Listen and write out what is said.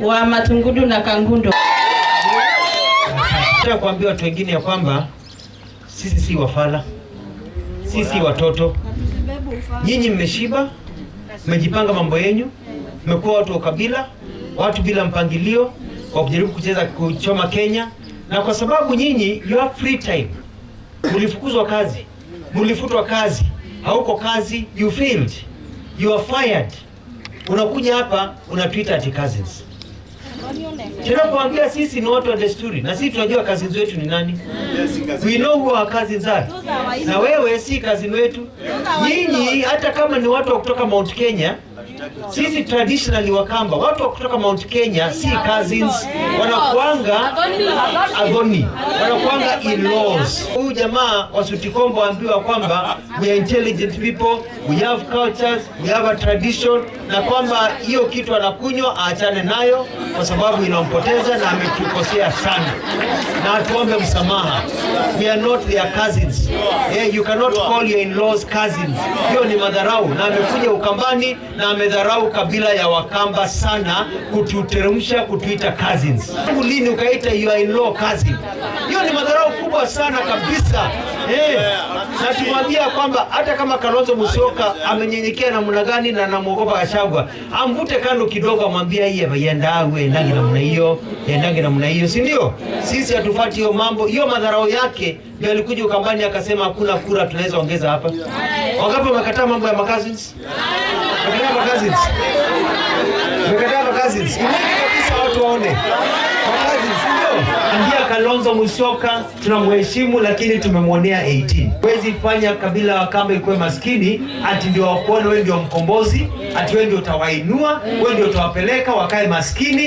wa Matungudu na Kangundo kuambia watu wengine ya kwamba sisi si wafala, sisi watoto. Nyinyi mmeshiba, mmejipanga mambo yenyu, mmekuwa watu wa kabila, watu bila mpangilio kwa kujaribu kucheza kuchoma Kenya, na kwa sababu nyinyi you have free time, mlifukuzwa kazi, mlifutwa kazi, hauko kazi, you failed, you are fired unakuja hapa unapita ati cousins. kuambia sisi ni watu wa desturi na sisi tunajua kazi wetu ni nani. Yes, we know who our cousins Na wewe si kazi wetu. Nyinyi hata kama ni watu wa kutoka Mount Kenya sisi traditionally Wakamba, watu wa kutoka Mount Kenya si cousins, wanakuanga agoni, wanakuanga in-laws. Huyu jamaa wa Sutikombo waambiwa kwamba we are intelligent people, we have cultures, we have a tradition, na kwamba hiyo kitu anakunywa aachane nayo kwa sababu inampoteza na ametukosea sana, na tuombe msamaha. We are not their cousins. Yeah, you cannot call your in-laws cousins. Hiyo ni madharau, na amekuja Ukambani na amedharau kabila ya Wakamba sana kututeremsha kutuita cousins. Lini ukaita you are in law cousin? Hiyo ni madharau kubwa sana kabisa. Hey, eh, na tumwambia kwamba hata kama Kalonzo Musyoka amenyenyekea namna gani na namwogopa Gachagua, amvute kando kidogo, amwambia hii yendawe endangi namna hiyo endangi namna hiyo, si ndio? Sisi hatufati hiyo mambo, hiyo madharau yake ndio alikuja Ukambani akasema hakuna kura tunaweza ongeza hapa. Wangapi wamekataa mambo ya makazi? cousins. Nimekataa kwa cousins. kabisa watu waone. Kwa cousins, ndio. Angia Kalonzo Musyoka tunamheshimu lakini tumemwonea 18. Huwezi fanya kabila wa Kamba ikuwe maskini ati ndio wakuone wewe ndio mkombozi, ati wewe ndio utawainua, wewe ndio utawapeleka wakae maskini.